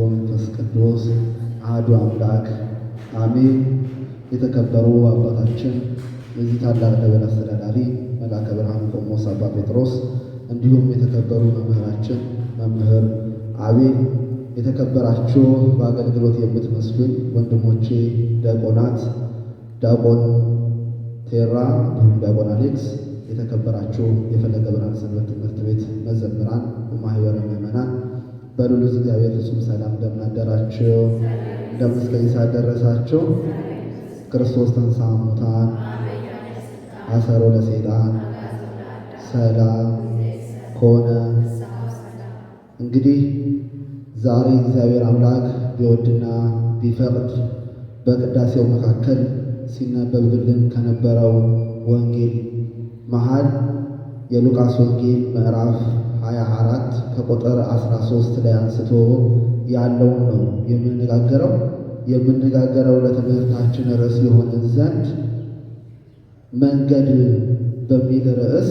ወመንፈስ ቅዱስ አሐዱ አምላክ አሜን። የተከበሩ አባታችን የዚህ ታላቅ ደብር አስተዳዳሪ መልአከ ብርሃን ቆሞስ አባ ጴጥሮስ እንዲሁም የተከበሩ መምህራችን መምህር አቤን፣ የተከበራችሁ በአገልግሎት የምትመስሉኝ ወንድሞቼ ዲያቆናት፣ ዲያቆን ቴራ እንዲሁም ዲያቆን አሌክስ፣ የተከበራችሁ የፈለገ ብርሃን ሰንበት ትምህርት ቤት መዘምራን፣ ማህበረ ምዕመናን በሉሉ እግዚአብሔር እሱም ሰላም እንደምን አደራችሁ፣ ደረሳችሁ። ክርስቶስ ተንሥአ እሙታን አሰሮ ለሰይጣን ሰላም ከሆነ እንግዲህ ዛሬ እግዚአብሔር አምላክ ቢወድና ቢፈቅድ በቅዳሴው መካከል ሲነበብልን ከነበረው ወንጌል መሃል የሉቃስ ወንጌል ምዕራፍ 24 ከቁጥር 13 ላይ አንስቶ ያለውን ነው የምንነጋገረው። የምንነጋገረው ለትምህርታችን ርዕስ የሆነ ዘንድ መንገድ በሚል ርዕስ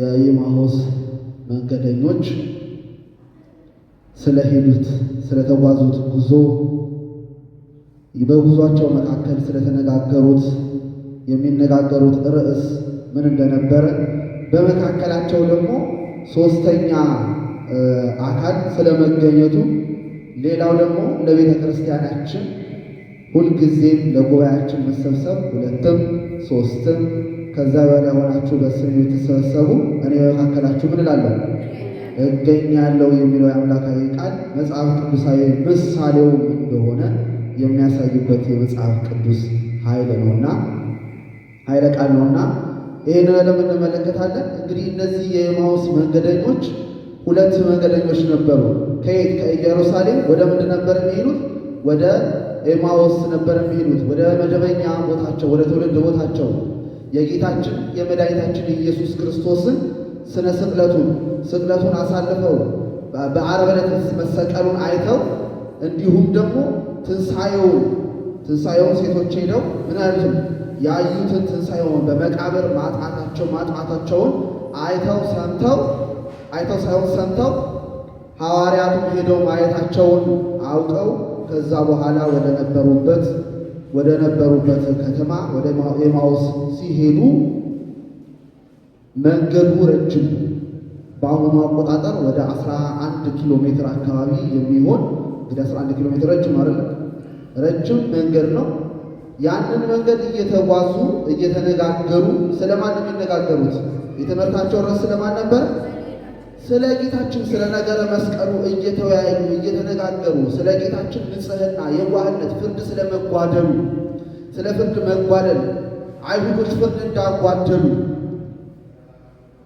የኢማሁስ መንገደኞች ስለሄዱት ስለተጓዙት ጉዞ በጉዟቸው መካከል ስለተነጋገሩት የሚነጋገሩት ርዕስ ምን እንደነበረ በመካከላቸው ደግሞ ሶስተኛ አካል ስለመገኘቱ፣ ሌላው ደግሞ ለቤተ ክርስቲያናችን ሁልጊዜም ለጉባኤያችን መሰብሰብ ሁለትም ሶስትም ከዛ በላይ ሆናችሁ በስም የተሰበሰቡ እኔ በመካከላችሁ ምን እላለሁ እገኛለሁ የሚለው የአምላካዊ ቃል መጽሐፍ ቅዱሳዊ ምሳሌው እንደሆነ የሚያሳይበት የመጽሐፍ ቅዱስ ኃይል ነውና ኃይለ ቃል ነውና ይሄን ለምን እንመለከታለን። እንግዲህ እነዚህ የኤማውስ መንገደኞች ሁለት መንገደኞች ነበሩ። ከየት ከኢየሩሳሌም ወደ ምንድን ነበር የሚሄዱት? ወደ ኤማውስ ነበር የሚሄዱት፣ ወደ መደበኛ ቦታቸው፣ ወደ ትውልድ ቦታቸው የጌታችን የመድኃኒታችን ኢየሱስ ክርስቶስን ስነ ስቅለቱን ስቅለቱን አሳልፈው በዓርብ ዕለት መሰቀሉን አይተው እንዲሁም ደግሞ ትንሣኤውን ትንሣኤውን ሴቶች ሄደው ምን ያዩትን ትንሣኤውን በመቃብር ማጣታቸው ማጣታቸውን አይተው ሰምተው አይተው ሳይሆን ሰምተው ሐዋርያቱ ሄደው ማየታቸውን አውቀው ከዛ በኋላ ወደ ነበሩበት ወደ ነበሩበት ከተማ ወደ ኤማውስ ሲሄዱ መንገዱ ረጅም በአሁኑ አቆጣጠር ወደ 11 ኪሎ ሜትር አካባቢ የሚሆን እንግዲህ 11 ኪሎ ሜትር ረጅም አይደለም፣ ረጅም መንገድ ነው። ያንን መንገድ እየተጓዙ እየተነጋገሩ ስለማን ነው የሚነጋገሩት? የትምህርታቸው ርዕስ ስለማን ነበር? ስለ ጌታችን ስለ ነገረ መስቀሉ እየተወያዩ እየተነጋገሩ ስለ ጌታችን ንጽህና፣ የዋህነት፣ ፍርድ ስለመጓደሉ ስለ ፍርድ መጓደል አይሁዶች ፍርድ እንዳጓደሉ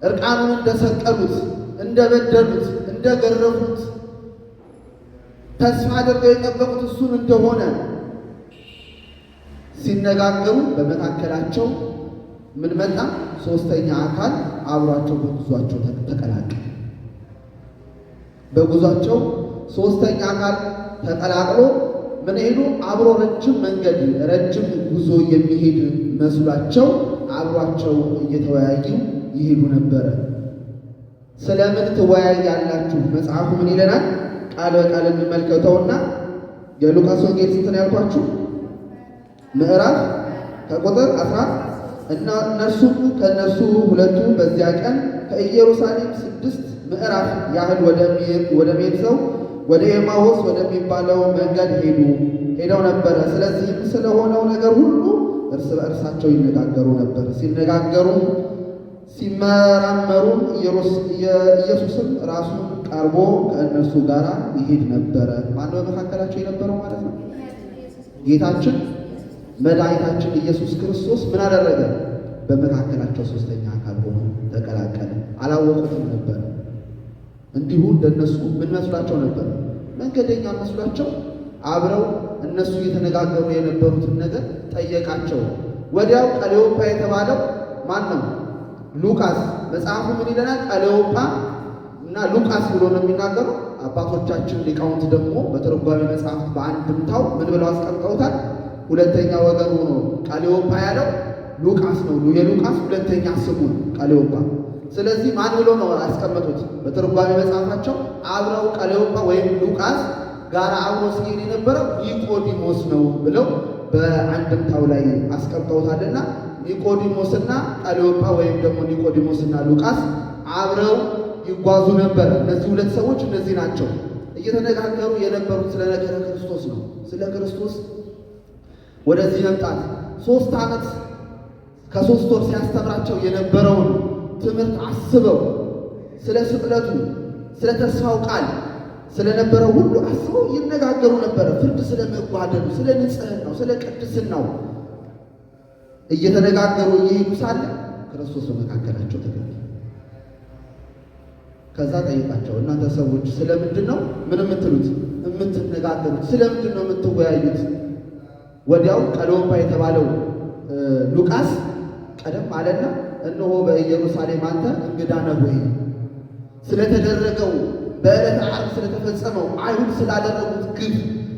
እርቃኑን እንደሰቀሉት፣ እንደበደሉት፣ እንደገረፉት ተስፋ አድርገው የጠበቁት እሱን እንደሆነ ሲነጋገሩ በመካከላቸው ምን መጣ? ሶስተኛ አካል አብሯቸው በጉዟቸው ተቀላቀለ። በጉዟቸው ሶስተኛ አካል ተቀላቅሎ ምን ሄዱ? አብሮ ረጅም መንገድ ረጅም ጉዞ የሚሄድ መስሏቸው አብሯቸው እየተወያዩ ይሄዱ ነበረ። ስለምን ትወያያላችሁ? መጽሐፉ ምን ይለናል? ቃል በቃል እንመልከተውና የሉቃስ ወንጌል ስንት ነው ያልኳችሁ? ምዕራፍ ከቁጥር አስራ እና እነርሱም ከእነርሱ ሁለቱ በዚያ ቀን ከኢየሩሳሌም ስድስት ምዕራፍ ያህል ወደሚሄድ ሰው ወደ ኤማሆስ ወደሚባለው መንገድ ሄዱ ሄደው ነበረ። ስለዚህም ስለሆነው ነገር ሁሉ እርስ በእርሳቸው ይነጋገሩ ነበር። ሲነጋገሩ ሲመራመሩ ኢየሱስም ራሱን ቀርቦ ከእነርሱ ጋር ይሄድ ነበረ። ማነው በመካከላቸው የነበረው ማለት ነው? ጌታችን መድኃኒታችን ኢየሱስ ክርስቶስ ምን አደረገ? በመካከላቸው ሶስተኛ አካል ሆኖ ተቀላቀለ። አላወቁትም ነበር። እንዲሁ እንደነሱ ምን መስሏቸው ነበር? መንገደኛ መስሏቸው አብረው እነሱ እየተነጋገሩ የነበሩትን ነገር ጠየቃቸው። ወዲያው ቀሌዮፓ የተባለው ማን ነው? ሉቃስ መጽሐፉ ምን ይለናል? ቀሌዮጳ እና ሉቃስ ብሎ ነው የሚናገሩ? አባቶቻችን ሊቃውንት ደግሞ በተረጓሚ መጽሐፍት በአንድምታው ምን ብለው አስቀምጠውታል? ሁለተኛ ወገን ሆኖ ቀሌዮጳ ያለው ሉቃስ ነው። የሉቃስ ሁለተኛ ስሙ ቀሌዮጳ። ስለዚህ ማን ብሎ ነው ያስቀመጡት? በትርጓሜ መጽሐፋቸው አብረው ቀሌዮጳ ወይም ሉቃስ ጋር አብሮ ሲሄድ የነበረው ኒቆዲሞስ ነው ብለው በአንድምታው ላይ አስቀምጠውታልና ኒቆዲሞስና ቀሌዮጳ ወይም ደግሞ ኒቆዲሞስና ሉቃስ አብረው ይጓዙ ነበር። እነዚህ ሁለት ሰዎች እነዚህ ናቸው እየተነጋገሩ የነበሩት ስለ ነገረ ክርስቶስ ነው። ስለ ክርስቶስ ወደዚህ መምጣት ሶስት ዓመት ከሶስት ወር ሲያስተምራቸው የነበረውን ትምህርት አስበው ስለ ስቅለቱ፣ ስለ ተስፋው ቃል ስለነበረው ሁሉ አስበው ይነጋገሩ ነበረ። ፍርድ ስለመጓደሉ፣ ስለ ንጽህናው፣ ስለ ቅድስናው እየተነጋገሩ እየሄዱ ሳለ ክርስቶስ በመካከላቸው ተገኘ። ከዛ ጠይቃቸው እናንተ ሰዎች ስለምንድን ነው ምን የምትሉት የምትነጋገሩት? ስለምንድን ነው የምትወያዩት? ወዲያው ቀለዮጳ የተባለው ሉቃስ ቀደም አለና እነሆ በኢየሩሳሌም አንተ እንግዳ ነህ ወይ ስለተደረገው በዕለተ ዓርብ ስለተፈጸመው አይሁድ ስላደረጉት ግፍ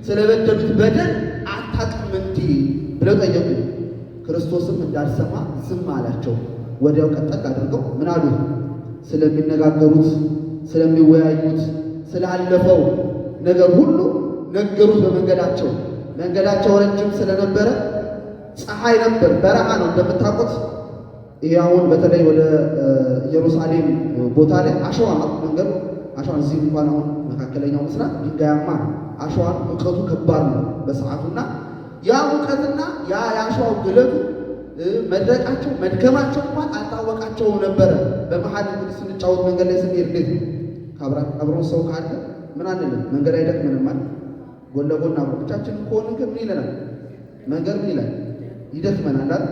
ስለበደሉት በደል አታውቅም እንዲህ ብለው ጠየቁ። ክርስቶስም እንዳልሰማ ዝም አላቸው። ወዲያው ቀጠቅ አድርገው ምን አሉ? ስለሚነጋገሩት፣ ስለሚወያዩት፣ ስላለፈው ነገር ሁሉ ነገሩት በመንገዳቸው መንገዳቸው ረጅም ስለነበረ ፀሐይ ነበር፣ በረሃ ነው እንደምታውቁት። ይህ አሁን በተለይ ወደ ኢየሩሳሌም ቦታ ላይ አሸዋ ማቁ መንገዱ አሸዋ እዚህ እንኳን አሁን መካከለኛው ምስራቅ ድንጋያማ አሸዋ እውቀቱ ከባድ ነው በሰዓቱ በሰዓቱና ያ እውቀትና ያ የአሸዋው ግለቱ መድረቃቸው መድከማቸው እንኳን አልታወቃቸው ነበረ። በመሀል እንግዲህ ስንጫወት መንገድ ላይ ስንሄድ እንዴት ነው ከአብሮን ሰው ካለ ምን አንልም መንገድ አይደክመንም አለ ጎን ለጎን አብረን ብቻችን ከሆንን ግን ምን ይለናል? መንገድ ምን ይላል? ይደክመናል አይደል?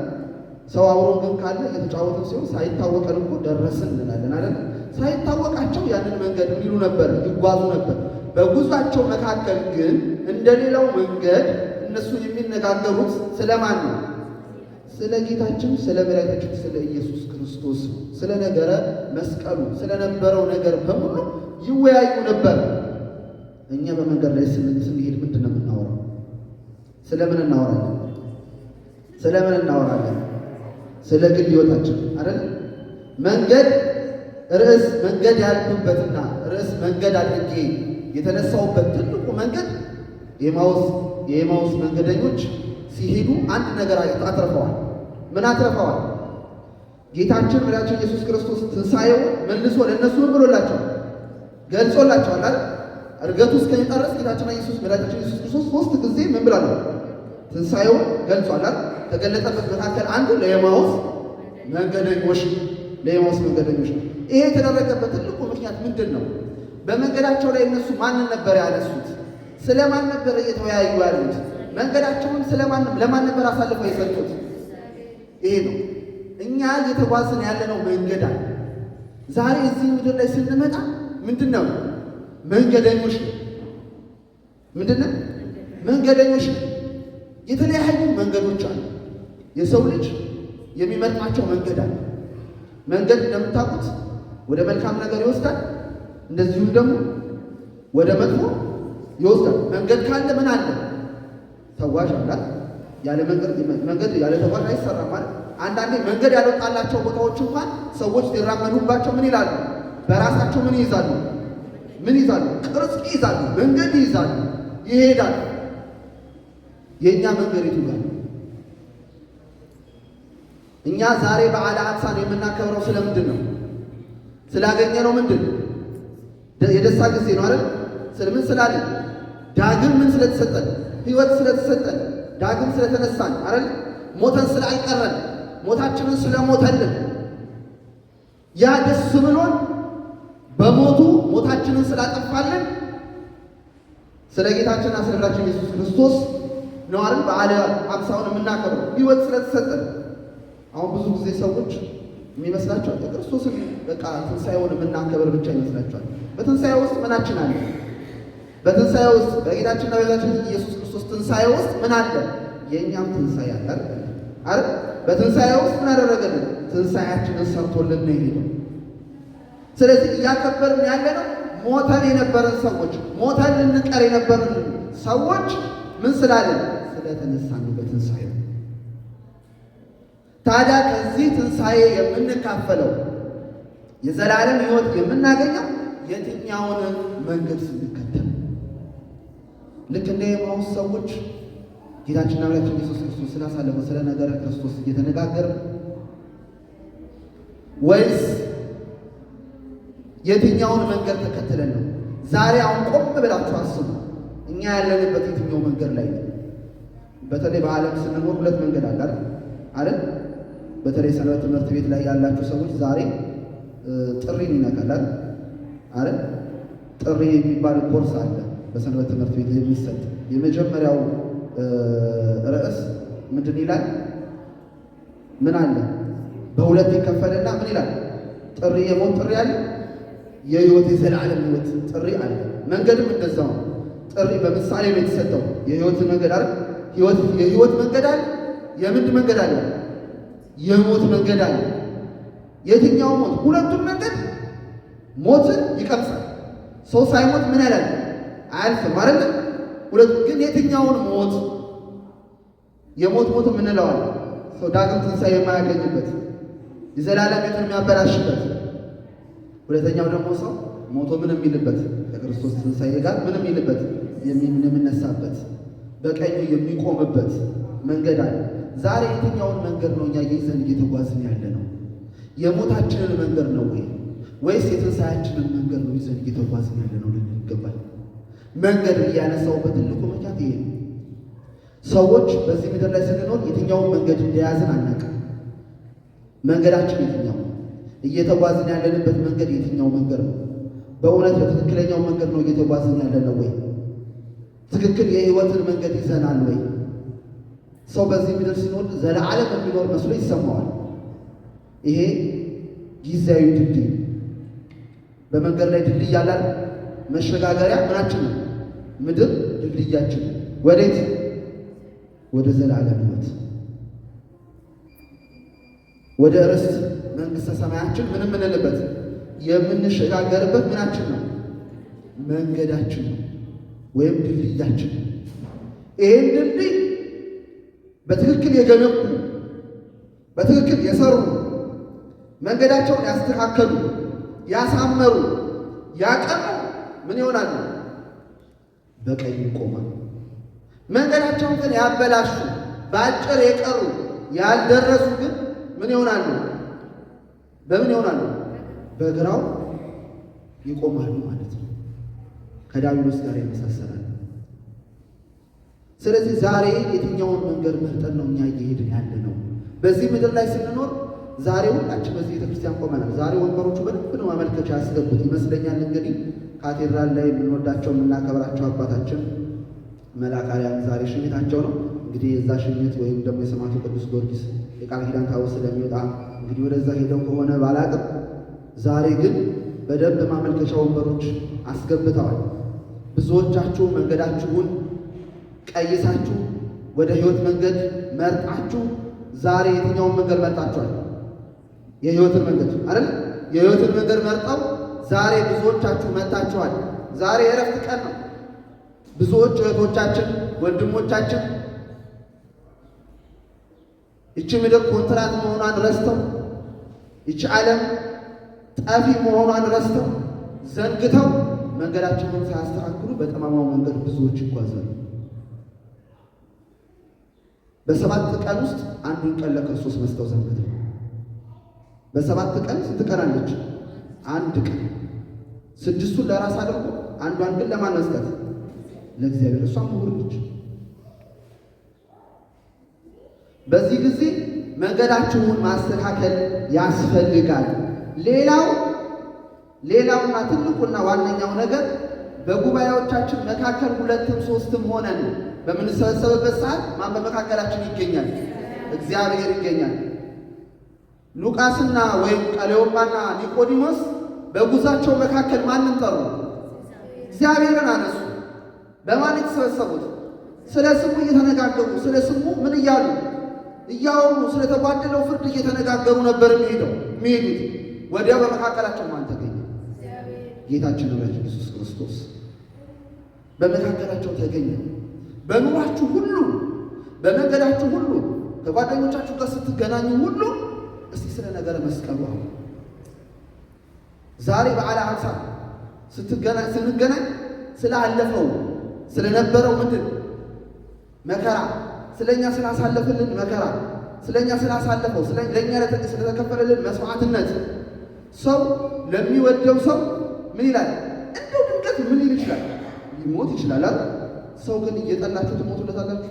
ሰው አብሮ ግን ካለ የተጫወትን ሲሆን ሳይታወቀን እኮ ደረስን እንላለን አይደል? ሳይታወቃቸው ያንን መንገድ የሚሉ ነበር፣ ይጓዙ ነበር። በጉዟቸው መካከል ግን እንደሌላው መንገድ እነሱ የሚነጋገሩት ስለማን ነው? ስለ ጌታችን ስለ መድኃኒታችን ስለ ኢየሱስ ክርስቶስ ስለ ነገረ መስቀሉ ስለነበረው ነገር በሙሉ ይወያዩ ነበር። እኛ በመንገድ ላይ ስንት ስለምን እናወራለን? ስለምን እናወራለን? ስለ ግል ሕይወታችን አይደል? መንገድ ርዕስ መንገድ ያልኩበትና ርዕስ መንገድ አድርጌ የተነሳውበት ትልቁ መንገድ የማውስ የኤማውስ መንገደኞች ሲሄዱ አንድ ነገር አትርፈዋል። ምን አትርፈዋል? ጌታችን መድኃኒታችን ኢየሱስ ክርስቶስ ትንሣኤው መልሶ ለእነሱ ብሎላቸው ብሎላቸዋል? ገልጾላቸዋል አይደል? እርገቱ እስከሚጨረስ ጌታችን ኢየሱስ መድኃኒታችን ኢየሱስ ክርስቶስ ሶስት ጊዜ ምን ብሏል? ትንሣኤውን ገልጿል። ከገለጠበት መካከል አንዱ ለኤማውስ መንገደኞች ለኤማውስ መንገደኞች ይሄ የተደረገበት ትልቁ ምክንያት ምንድን ነው? በመንገዳቸው ላይ እነሱ ማንን ነበር ያነሱት? ስለማን ነበር እየተወያዩ ያሉት? መንገዳቸውን ስለማን ለማን ነበር አሳልፈው የሰጡት? ይሄ ነው እኛ እየተጓዝን ያለነው መንገዳ ዛሬ እዚህ ምድር ላይ ስንመጣ ምንድን ነው መንገደኞች ነው። ምንድነው? መንገደኞች ነው። የተለያዩ መንገዶች አሉ። የሰው ልጅ የሚመርጣቸው መንገድ አለ። መንገድ እንደምታውቁት ወደ መልካም ነገር ይወስዳል፣ እንደዚሁም ደግሞ ወደ መጥፎ ይወስዳል። መንገድ ካለ ምን አለ? ተጓዥ አላት። ያለ መንገድ ያለ ተጓዥ አይሰራም ማለት። አንዳንዴ መንገድ ያልወጣላቸው ቦታዎች እንኳን ሰዎች ሊራመዱባቸው ምን ይላሉ? በራሳቸው ምን ይይዛሉ ምን ይዛሉ? ቅርጽ ይዛሉ፣ መንገድ ይዛሉ፣ ይሄዳሉ። የእኛ መንገድ ጋር? እኛ ዛሬ በዓለ አቅሳን የምናከብረው ስለምንድን ነው? ስላገኘ ነው። ምንድን የደስታ ጊዜ ነው አይደል? ስለምን ስላለ ዳግም ምን ስለተሰጠን ህይወት ስለተሰጠን ዳግም ስለተነሳን አይደል? ሞተን ስለ ሞታችንን ስለሞተልን ያ ደስ ብሎን በሞቱ ሞታችንን ስላጠፋለን? ስለ ጌታችን አስረዳችን ኢየሱስ ክርስቶስ ነው አይደል? በዓለ አምሳውን የምናከብረው ሕይወት ስለተሰጠን። አሁን ብዙ ጊዜ ሰዎች የሚመስላቸው የክርስቶስን በቃ ትንሣኤውን የምናከብር ብቻ ይመስላቸዋል። በትንሣኤ ውስጥ ምናችን አለ? በትንሣኤ ውስጥ በጌታችንና በጌታችን ኢየሱስ ክርስቶስ ትንሣኤ ውስጥ ምን አለ? የእኛም ትንሣኤ አለ አይደል? በትንሣኤ ውስጥ ምን አደረገልን? ትንሣኤያችንን ሰርቶልን ነው የሄደው። ስለዚህ እያከበርን ያለ ነው ሞተን የነበረን ሰዎች ሞተን ልንቀር የነበርን ሰዎች ምን ስላለን ስለተነሳንበት ትንሣኤ። ታዲያ ከዚህ ትንሣኤ የምንካፈለው የዘላለም ህይወት የምናገኘው የትኛውን መንገድ ስንከተል? ልክ እንደ የማውስ ሰዎች ጌታችንና መድኃኒታችን ኢየሱስ ክርስቶስ ስላሳለፈው ስለ ነገረ ክርስቶስ እየተነጋገርን ወይስ የትኛውን መንገድ ተከትለን ነው? ዛሬ አሁን ቆም ብላችሁ አስቡ። እኛ ያለንበት የትኛው መንገድ ላይ ነው? በተለይ በዓለም ስንኖር ሁለት መንገድ አለ አይደል? በተለይ ሰንበት ትምህርት ቤት ላይ ያላችሁ ሰዎች ዛሬ ጥሪን ይነካላል አይደል? ጥሪ የሚባል ኮርስ አለ በሰንበት ትምህርት ቤት የሚሰጥ የመጀመሪያው ርዕስ ምንድን ይላል? ምን አለ? በሁለት ይከፈልና ምን ይላል? ጥሪ የሞት ጥሪ አለ የህይወት የዘላለም ህይወት ጥሪ አለ። መንገድም እንደዛው ጥሪ በምሳሌ ነው የተሰጠው። የህይወት መንገድ አለ፣ የህይወት መንገድ አለ፣ የምንድ መንገድ አለ፣ የሞት መንገድ አለ። የትኛው ሞት? ሁለቱም መንገድ ሞትን ይቀምሳል። ሰው ሳይሞት ምን ያላል አያልፍም አይደል? ሁለቱ ግን የትኛውን ሞት? የሞት ሞት የምንለዋል ሰው ዳግም ትንሣኤ የማያገኝበት የዘላለም ህይወትን የሚያበላሽበት ሁለተኛው ደግሞ ሰው ሞቶ ምን የሚልበት ከክርስቶስ ትንሣኤ ጋር ምን የሚልበት የምነሳበት በቀኙ የሚቆምበት መንገድ አለ። ዛሬ የትኛውን መንገድ ነው እኛ ይዘን እየተጓዝን ያለ ነው? የሞታችንን መንገድ ነው ወይ ወይስ የትንሣኤያችንን መንገድ ነው ይዘን እየተጓዝን ያለ ነው? ይገባል። መንገድ እያነሳው በትልቁ መቻት ይሄ ነው። ሰዎች በዚህ ምድር ላይ ስንኖር የትኛውን መንገድ እንደያዝን አናውቅም። መንገዳችን የትኛው ነው? እየተጓዝን ያለንበት መንገድ የትኛው መንገድ ነው? በእውነት በትክክለኛው መንገድ ነው እየተጓዝን ያለነው ወይ? ትክክል የህይወትን መንገድ ይዘናል ወይ? ሰው በዚህ ምድር ሲኖር ዘለዓለም የሚኖር መስሎ ይሰማዋል። ይሄ ጊዜያዊ ድልድይ በመንገድ ላይ ድልድይ ያላል መሸጋገሪያ ምናችን ምድር ድልድያችን ወዴት? ወደ ዘላለም ህይወት ወደ ርስት መንግስተ ሰማያችን ምን የምንልበት የምንሸጋገርበት ምናችን ነው? መንገዳችን ነው ወይም ድልድያችን ነው። ይህን ድልድይ በትክክል የገነቡ በትክክል የሰሩ መንገዳቸውን ያስተካከሉ፣ ያሳመሩ፣ ያቀሩ ምን ይሆናሉ? በቀኝ ይቆማል። መንገዳቸውን ግን ያበላሹ፣ በአጭር የቀሩ ያልደረሱ ግን ምን ይሆናሉ? በምን ይሆናሉ? በግራው ይቆማሉ ማለት ነው። ከዳዊት ጋር ይመሳሰላል። ስለዚህ ዛሬ የትኛውን መንገድ መርጠን ነው እኛ እየሄድን ያለ ነው? በዚህ ምድር ላይ ስንኖር ዛሬ ሁላችን በዚህ ቤተክርስቲያን ቆመናል። ዛሬ ወንበሮቹ በልብ ነው ማመልከቻ ያስገቡት ይመስለኛል። እንግዲህ ካቴድራል ላይ የምንወዳቸው የምናከብራቸው አባታችን መላካሪያን ዛሬ ሽኝታቸው ነው። እንግዲህ የዛ ሽኝት ወይም ደግሞ የሰማዕቱ ቅዱስ ጊዮርጊስ የቃል ኪዳን ታቦት ስለሚወጣ እንግዲህ ወደዛ ሄደው ከሆነ ባላቅም ዛሬ ግን በደንብ ማመልከቻ ወንበሮች አስገብተዋል። ብዙዎቻችሁ መንገዳችሁን ቀይሳችሁ ወደ ሕይወት መንገድ መርጣችሁ ዛሬ የትኛውን መንገድ መርጣችኋል? የህይወትን መንገድ አይደል? የህይወትን መንገድ መርጠው ዛሬ ብዙዎቻችሁ መጥታችኋል። ዛሬ የእረፍት ቀን ነው። ብዙዎች እህቶቻችን፣ ወንድሞቻችን ይቺ ምድር ኮንትራት መሆኗን ረስተው፣ ይቺ ዓለም ጠፊ መሆኗን ረስተው ዘንግተው መንገዳቸውን ሳያስተካክሉ በጠማማው መንገድ ብዙዎች ይጓዛሉ። በሰባት ቀን ውስጥ አንዱን ቀን ለክርስቶስ መስጠው ዘንግተው በሰባት ቀን ስንት ቀን አለች? አንድ ቀን። ስድስቱን ለራስ አድርጎ አንዷን ግን ለማን መስጠት? ለእግዚአብሔር። እሷም ምሁር ነች። በዚህ ጊዜ መንገዳችሁን ማስተካከል ያስፈልጋል። ሌላው ሌላውና ትልቁና ዋነኛው ነገር በጉባኤዎቻችን መካከል ሁለትም ሶስትም ሆነን በምንሰበሰብበት ሰዓት ማን በመካከላችን ይገኛል? እግዚአብሔር ይገኛል። ሉቃስና ወይም ቀሌዮጳና ኒቆዲሞስ በጉዛቸው መካከል ማንን ጠሩ? እግዚአብሔርን አነሱ። በማን የተሰበሰቡት? ስለ ስሙ እየተነጋገሩ ስለ ስሙ ምን እያሉ እያወሩ ስለተጓደለው ፍርድ እየተነጋገሩ ነበር የሚሄደው የሚሄዱት። ወዲያ በመካከላቸው ማን ተገኘ? ጌታችን ንብረት ኢየሱስ ክርስቶስ በመካከላቸው ተገኘ። በኑሯችሁ ሁሉ፣ በመንገዳችሁ ሁሉ፣ ከጓደኞቻችሁ ጋር ስትገናኙ ሁሉ እስቲ ስለ ነገረ መስቀሉ አሁን ዛሬ በዓለ አንሳ ስትገናኝ ስንገናኝ ስላለፈው ስለነበረው ምንድን መከራ ስለኛ ስላሳለፈልን መከራ፣ ስለኛ ስላሳለፈው፣ ለእኛ ስለተከፈለልን መስዋዕትነት ሰው ለሚወደው ሰው ምን ይላል? እንደው ድንገት ምን ይል ይችላል? ሊሞት ይችላል። ሰው ግን እየጠላችሁ ትሞቱለታላችሁ።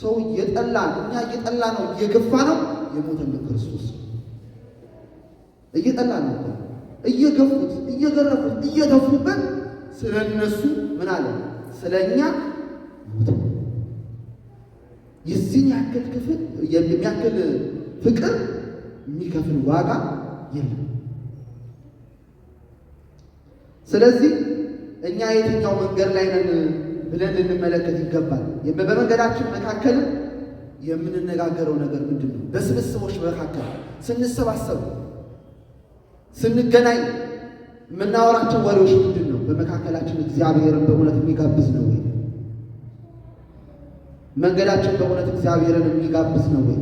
ሰው እየጠላ እኛ እየጠላ ነው እየገፋ ነው የሞተልን ክርስቶስ እየጠላ ነው እየገፉት እየገረፉት እየገፉበት ስለ እነሱ ምን አለ ስለኛ የዚህን ያክል ክፍል የሚያክል ፍቅር የሚከፍል ዋጋ የለም። ስለዚህ እኛ የትኛው መንገድ ላይ ነን ብለን ልንመለከት ይገባል። በመንገዳችን መካከል የምንነጋገረው ነገር ምንድን ነው? በስብስቦች መካከል ስንሰባሰቡ፣ ስንገናኝ የምናወራቸው ወሬዎች ምንድን ነው? በመካከላችን እግዚአብሔርን በእውነት የሚጋብዝ ነው ወይ? መንገዳችን በእውነት እግዚአብሔርን የሚጋብዝ ነው ወይ?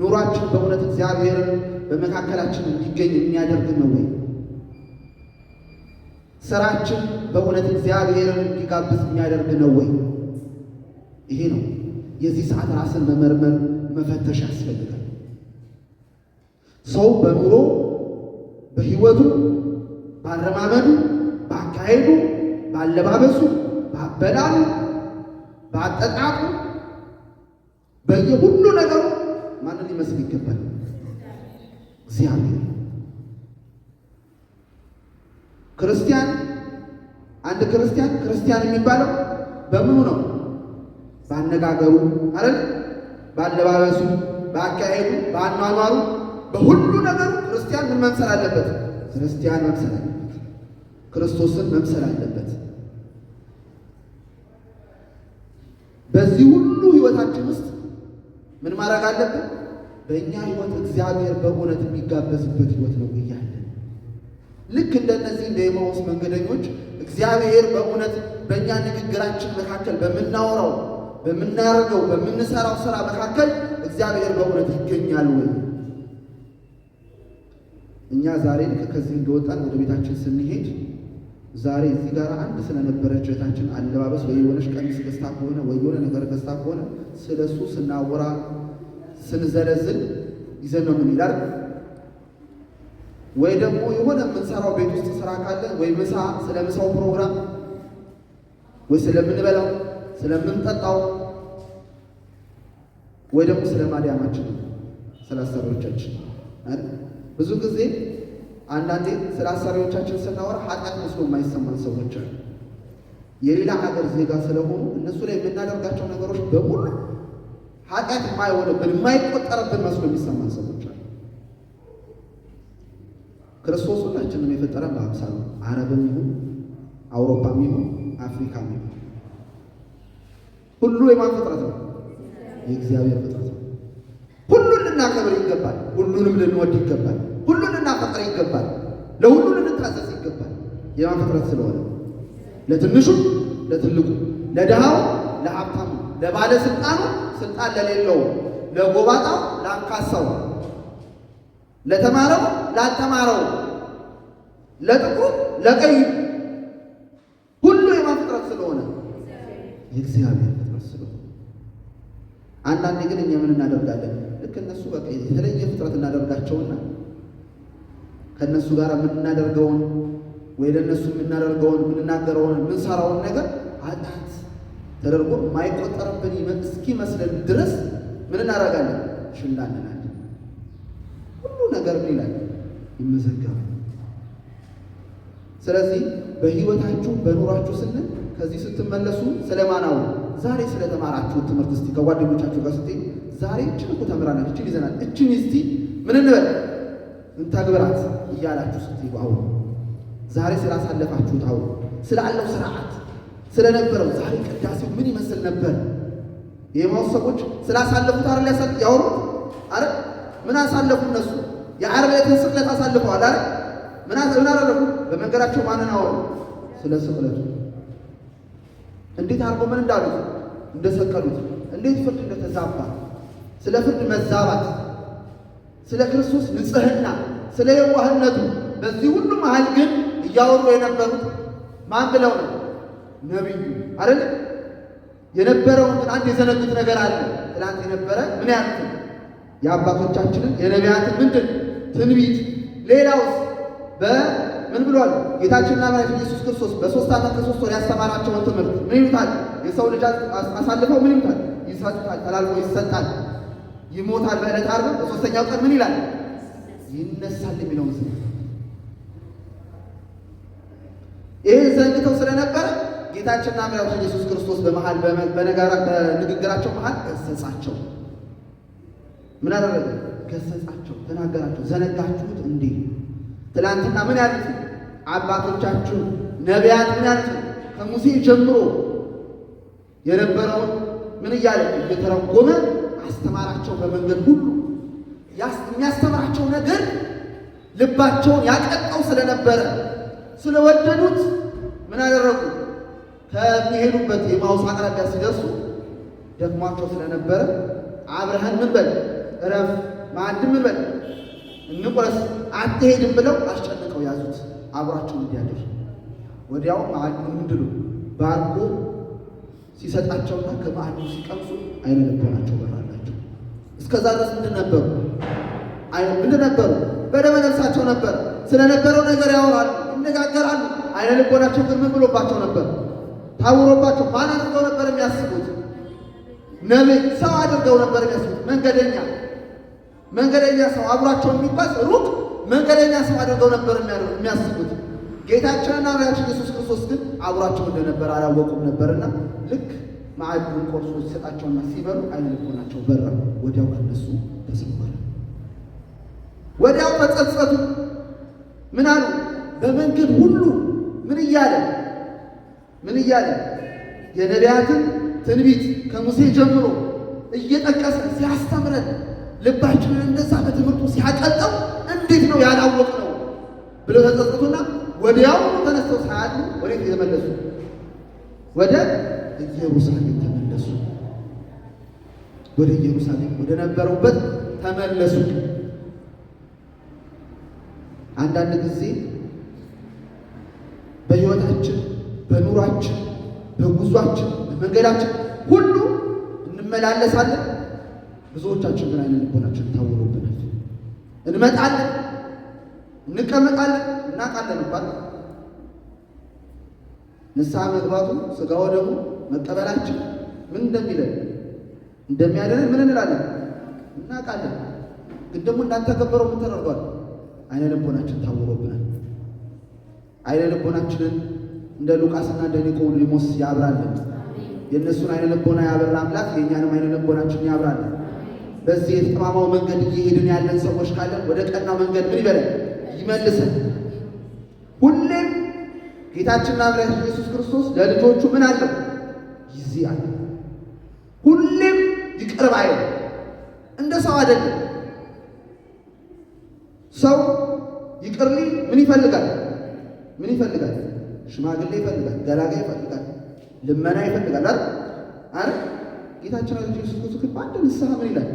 ኑሯችን በእውነት እግዚአብሔርን በመካከላችን እንዲገኝ የሚያደርግ ነው ወይ? ስራችን በእውነት እግዚአብሔርን እንዲጋብዝ የሚያደርግ ነው ወይ? ይሄ ነው የዚህ ሰዓት ራስን መመርመር መፈተሽ ያስፈልጋል። ሰው በኑሮ በህይወቱ ባረማመዱ፣ ባካሄዱ፣ ባለባበሱ፣ ባበላሉ በአጠጣጡ በየሁሉ ነገሩ ማንን ሊመስል ይገባል? እግዚአብሔር። ክርስቲያን አንድ ክርስቲያን ክርስቲያን የሚባለው በምኑ ነው? ባነጋገሩ አይደል? ባለባበሱ፣ በአካሄዱ፣ በአኗኗሩ፣ በሁሉ ነገሩ ክርስቲያን ምን መምሰል አለበት? ክርስቲያን መምሰል አለበት። ክርስቶስን መምሰል አለበት። በዚህ ሁሉ ህይወታችን ውስጥ ምን ማድረግ አለብን? በእኛ ህይወት እግዚአብሔር በእውነት የሚጋበዝበት ህይወት ነው እያለን ልክ እንደነዚህ እንደ መንገደኞች እግዚአብሔር በእውነት በእኛ ንግግራችን መካከል በምናወራው በምናደርገው በምንሰራው ስራ መካከል እግዚአብሔር በእውነት ይገኛል ወይ? እኛ ዛሬ ልክ ከዚህ እንደወጣን ወደ ቤታችን ስንሄድ ዛሬ እዚህ ጋር አንድ ስለነበረች እህታችን አለባበስ ወይ የሆነች ቀሚስ ገዝታ ከሆነ ወይ የሆነ ነገር ገዝታ ከሆነ ስለ እሱ ስናወራ ስንዘለዝል ይዘን ነው ምን ይላል። ወይ ደግሞ የሆነ የምንሰራው ቤት ውስጥ ስራ ካለ ወይ ምሳ ስለ ምሳው ፕሮግራም ወይ ስለምንበላው ስለምንጠጣው ወይ ደግሞ ስለ ማዳማችን ስለ አሰሮቻችን ብዙ ጊዜ አንዳንዴ ስለ አሰሪዎቻችን ስናወራ ኃጢአት መስሎ የማይሰማን ሰዎች አሉ። የሌላ ሀገር ዜጋ ስለሆኑ እነሱ ላይ የምናደርጋቸው ነገሮች በሙሉ ኃጢአት የማይሆንብን የማይቆጠርብን መስሎ የሚሰማን ሰዎች አሉ። ክርስቶስ ሁላችንም የፈጠረ በአምሳሉ ነው። አረብም ይሁን አውሮፓም ይሁን አፍሪካም ይሁን ሁሉ የማን ፍጥረት ነው? የእግዚአብሔር ፍጥረት ነው። ሁሉን ልናከብር ይገባል። ሁሉንም ልንወድ ይገባል። ሁሉን ልናፈጥር ይገባል። ለሁሉ ልንታዘዝ ይገባል። የማን ፍጥረት ስለሆነ ለትንሹ ለትልቁ፣ ለድሃው፣ ለሀብታሙ፣ ለባለስልጣኑ፣ ስልጣን ለሌለው፣ ለጎባጣው፣ ለአንካሳው፣ ለተማረው፣ ላልተማረው፣ ለጥቁር ለቀዩ ሁሉ የማን ፍጥረት ስለሆነ የእግዚአብሔር ፍጥረት ስለሆነ አንዳንዴ ግን እኛ ምን እናደርጋለን? ልክ እነሱ በቃ የተለየ ፍጥረት እናደርጋቸውና ከእነሱ ጋር የምናደርገውን ወይ ለእነሱ የምናደርገውን የምንናገረውን የምንሰራውን ነገር አጣት ተደርጎ ማይቆጠርብን እስኪመስለን ድረስ ምን እናደርጋለን? ሁሉ ነገር ምን ይላል? ይመዘገባል። ስለዚህ በህይወታችሁ በኑሯችሁ ስንል ከዚህ ስትመለሱ ስለማናው ዛሬ ስለተማራችሁ ትምህርት እስቲ ከጓደኞቻችሁ ጋር ስትይ ዛሬ እችን እኮ ተምራናል፣ እችን ይዘናል፣ እችን እስቲ ምን እንበል እንተግብራት እያላችሁ ስትይቁ አሁን ዛሬ ስላሳለፋችሁት አሁን ስላለው ስርዓት ስለነበረው ዛሬ ቅዳሴው ምን ይመስል ነበር? የኤማሁስ ሰዎች ስላሳለፉት አረ ያወሩት አረ ምን አሳለፉ እነሱ የዓርብን ስቅለት አሳልፈዋል። አረ ምን አደረጉ? በመንገዳቸው ማንን አወሩ? ስለ ስቅለቱ እንዴት አድርጎ ምን እንዳሉት እንደሰቀሉት፣ እንዴት ፍርድ እንደተዛባ ስለ ፍርድ መዛባት ስለ ክርስቶስ ንጽህና፣ ስለ የዋህነቱ። በዚህ ሁሉ መሀል ግን እያወሩ የነበሩት ማን ብለው ነው? ነቢዩ አይደል? የነበረውን አንድ የዘነጉት ነገር አለ። ትናንት የነበረ ምን ያንት የአባቶቻችንን የነቢያትን ምንድን ትንቢት። ሌላውስ በምን ብሏል? ጌታችንና መድኃኒታችን ኢየሱስ ክርስቶስ በሶስት ዓመት ከሶስት ወር ያስተማራቸውን ትምህርት ምን ይሉታል? የሰው ልጅ አሳልፈው ምን ይሉታል? ይሰጣል፣ ተላልፎ ይሰጣል ይሞታል በዕለት ዓርብ፣ በሶስተኛው ቀን ምን ይላል? ይነሳል የሚለውን ስም ይህን ዘንግተው ስለነበረ ጌታችንና መድኃኒታችን ኢየሱስ ክርስቶስ በመሃል በንግግራቸው መሃል ገሰጻቸው። ምን አደረገ? ገሰጻቸው፣ ተናገራቸው። ዘነጋችሁት እንዴ? ትናንትና ምን ያሉት አባቶቻችሁ ነቢያት ምን ያሉት ከሙሴ ጀምሮ የነበረውን ምን እያለ እየተረጎመ ያስተማራቸው በመንገድ ሁሉ የሚያስተምራቸው ነገር ልባቸውን ያቀጠው ስለነበረ ስለወደዱት ምን አደረጉ? ከሚሄዱበት የማውስ አቅራቢያ ሲደርሱ ደክሟቸው ስለነበረ አብርሃን ምን በል እረፍ፣ ማዕድ ምን በል እንቁረስ፣ አትሄድም ብለው አስጨንቀው ያዙት፣ አብሯቸው እንዲያደር ወዲያው ማዕድ ምንድሉ ባርኮ ሲሰጣቸውና ከማዕድኑ ሲቀምሱ አይነ ልቦናቸው በራ እስከዛ ድረስ ምንድን ነበሩ? ምንድን ነበሩ? በደመ ነፍሳቸው ነበር። ስለነበረው ነገር ያወራሉ፣ ይነጋገራሉ። አይነ ልቦናቸው ግን ምን ብሎባቸው ነበር? ታውሮባቸው። ማን አድርገው ነበር የሚያስቡት? ነቢይ ሰው አድርገው ነበር የሚያስቡት። መንገደኛ መንገደኛ ሰው አብሯቸው የሚጓዝ ሩቅ መንገደኛ ሰው አድርገው ነበር የሚያስቡት። ጌታችንና መድኃኒታችን ኢየሱስ ክርስቶስ ግን አብሯቸው እንደነበር አላወቁም ነበርና ልክ ማዕዱን ቆርሶ ሲሰጣቸውና ሲበሉ አይነ ልቦናቸው በራ። ወዲያው ከነሱ ተሰወረ። ወዲያው ተጸጸቱ። ምን አሉ? በመንገድ ሁሉ ምን እያለ ምን እያለ የነቢያትን ትንቢት ከሙሴ ጀምሮ እየጠቀሰ ሲያስተምረን ልባችንን እንደዛ በትምህርቱ ሲያቀጠው እንዴት ነው ያላወቅ ነው ብለው ተጸጸቱና ወዲያው ተነስተው ሳያሉ ወዴት የተመለሱ ወደ ኢየሩሳሌም ተመለሱ። ወደ ኢየሩሳሌም ወደ ነበሩበት ተመለሱ። አንዳንድ ጊዜ በሕይወታችን፣ በኑሯችን፣ በጉዟችን፣ በመንገዳችን ሁሉ እንመላለሳለን። ብዙዎቻችን ግን አይነ ልቦናችን ታውሮብናል። እንመጣለን፣ እንቀመጣለን፣ እናቃለን ይባል ንስሐ መግባቱ ሥጋ ወደሙ መቀበላችን ምን እንደሚለን እንደሚያደርግ ምን እንላለን እናውቃለን። ግን ደግሞ እንዳልተከበረው ምን ተደርጓል? አይነ ልቦናችን ታውሮብናል። አይነ ልቦናችንን እንደ ሉቃስና እንደ ኒቆዲሞስ ያብራለን። የእነሱን አይነ ልቦና ያበራ አምላክ የእኛንም አይነ ልቦናችንን ያብራለን። በዚህ የተጠማማው መንገድ እየሄድን ያለን ሰዎች ካለን ወደ ቀናው መንገድ ምን ይበለን ይመልሰን። ሁሌም ጌታችንና አምላካችን ኢየሱስ ክርስቶስ ለልጆቹ ምን አለው አለ። ሁሌም ይቅር ባይ እንደ ሰው አይደለም። ሰው ይቅር ምን ይፈልጋል? ምን ይፈልጋል? ሽማግሌ ይፈልጋል፣ ገላጋ ይፈልጋል፣ ልመና ይፈልጋል። አይደል አይደል? ጌታችን ኢየሱስ ክርስቶስ ግን በአንድ ንስሐ ምን ይላል?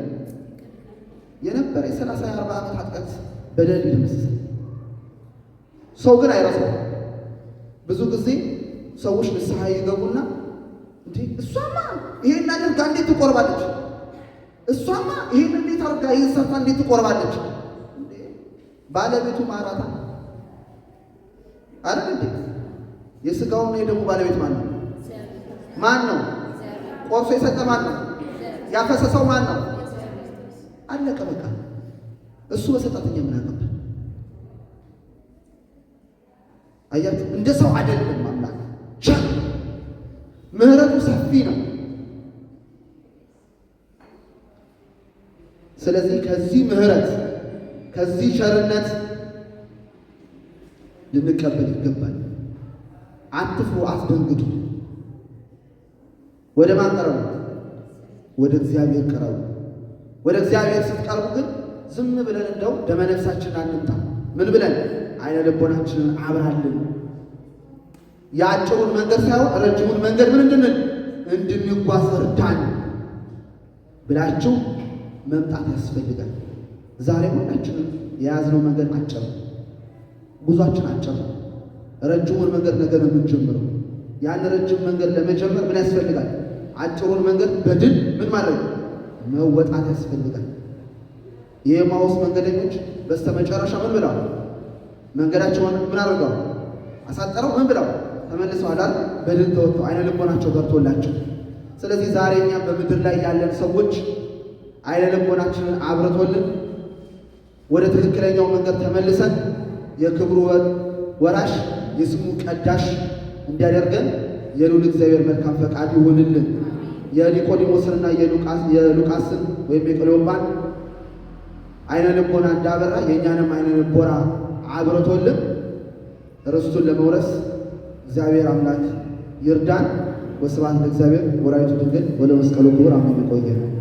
የነበረ የሰላሳ የአርባ ዓመት ኃጢአት በደል ይደመስሳል። ሰው ግን አይረሳም። ብዙ ጊዜ ሰዎች ንስሐ ይገቡና እሷማ ይሄን አድርጋ እንዴት ትቆርባለች? እሷማ ይሄን እንዴት አድርጋ ይሄን ሰርታ እንዴት ትቆርባለች? ባለቤቱ ማራታ አረ እንዴ የስጋውና የደሙ ባለቤት ማን ነው? ማን ነው? ቆርሶ የሰጠ ማን ነው? ያፈሰሰው ማን ነው? አለቀ በቃ። እሱ በሰጣተኛ ምን አገባን? አያችሁ፣ እንደ ሰው አይደለም አምላክ ምህረቱ ሰፊ ነው። ስለዚህ ከዚህ ምህረት ከዚህ ቸርነት ልንቀበል ይገባል። አትፍሩ፣ አትደንግጡ። ወደ ማን ቀረቡ? ወደ እግዚአብሔር ቀረቡ። ወደ እግዚአብሔር ስትቀርቡ ግን ዝም ብለን እንደው ደመነፍሳችንን አንምጣ። ምን ብለን አይነ ልቦናችንን አብራልን የአጭሩን መንገድ ሳይሆን ረጅሙን መንገድ ምን እንድንል እንድንጓዝ እርዳን ብላችሁ መምጣት ያስፈልጋል። ዛሬ ሁላችንም የያዝነው መንገድ አጭር፣ ጉዟችን አጭር። ረጅሙን መንገድ ነገ ነው የምንጀምረው። ያን ረጅም መንገድ ለመጀመር ምን ያስፈልጋል? አጭሩን መንገድ በድል ምን ማድረግ መወጣት ያስፈልጋል። የኤማሁስ መንገደኞች በስተመጨረሻ ምን ብለዋል? መንገዳቸውን ምን አድርገዋል? አሳጠረው ምን ብለዋል? ተመልሰዋል በድል ተወጡ። አይነ ልቦናቸው ገብቶላቸው። ስለዚህ ዛሬ እኛም በምድር ላይ ያለን ሰዎች አይነ ልቦናችንን አብርቶልን ወደ ትክክለኛው መንገድ ተመልሰን የክብሩ ወራሽ የስሙ ቀዳሽ እንዲያደርገን የሉል እግዚአብሔር መልካም ፈቃድ ይሁንልን። የኒቆዲሞስንና የሉቃስን ወይም የቀለዮጳን አይነ ልቦና እንዳበራ የእኛንም አይነ ልቦና አብርቶልን ርስቱን ለመውረስ እግዚአብሔር አምላክ ይርዳን። ወስብሐት ለእግዚአብሔር ወወላዲቱ ድንግል መስቀሉ ክቡር። አሁን ይቆየናል።